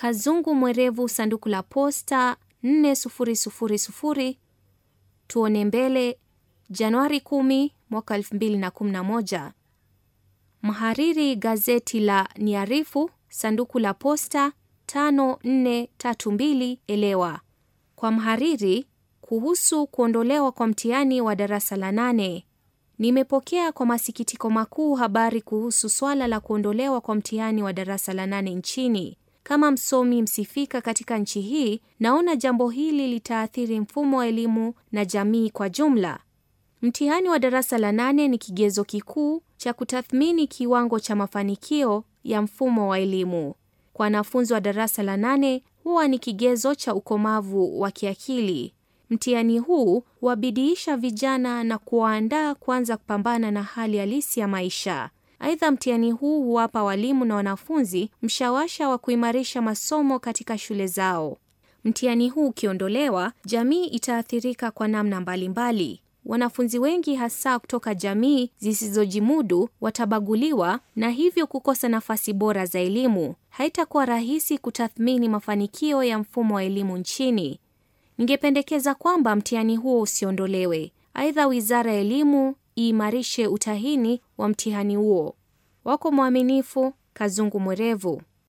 Kazungu Mwerevu, sanduku la posta 4000 tuone mbele, Januari 10 mwaka 2011. Mhariri gazeti la Niarifu, sanduku la posta 5432 Elewa. Kwa mhariri kuhusu kuondolewa kwa mtihani wa darasa la nane. Nimepokea kwa masikitiko makuu habari kuhusu swala la kuondolewa kwa mtihani wa darasa la nane nchini. Kama msomi msifika katika nchi hii, naona jambo hili litaathiri mfumo wa elimu na jamii kwa jumla. Mtihani wa darasa la nane ni kigezo kikuu cha kutathmini kiwango cha mafanikio ya mfumo wa elimu. Kwa wanafunzi wa darasa la nane huwa ni kigezo cha ukomavu wa kiakili. Mtihani huu huwabidiisha vijana na kuwaandaa kuanza kupambana na hali halisi ya maisha. Aidha, mtihani huu huwapa walimu na wanafunzi mshawasha wa kuimarisha masomo katika shule zao. Mtihani huu ukiondolewa, jamii itaathirika kwa namna mbalimbali mbali. Wanafunzi wengi hasa kutoka jamii zisizojimudu watabaguliwa na hivyo kukosa nafasi bora za elimu. Haitakuwa rahisi kutathmini mafanikio ya mfumo wa elimu nchini. Ningependekeza kwamba mtihani huo usiondolewe. Aidha, Wizara ya Elimu iimarishe utahini wa mtihani huo. Wako mwaminifu, kazungu mwerevu.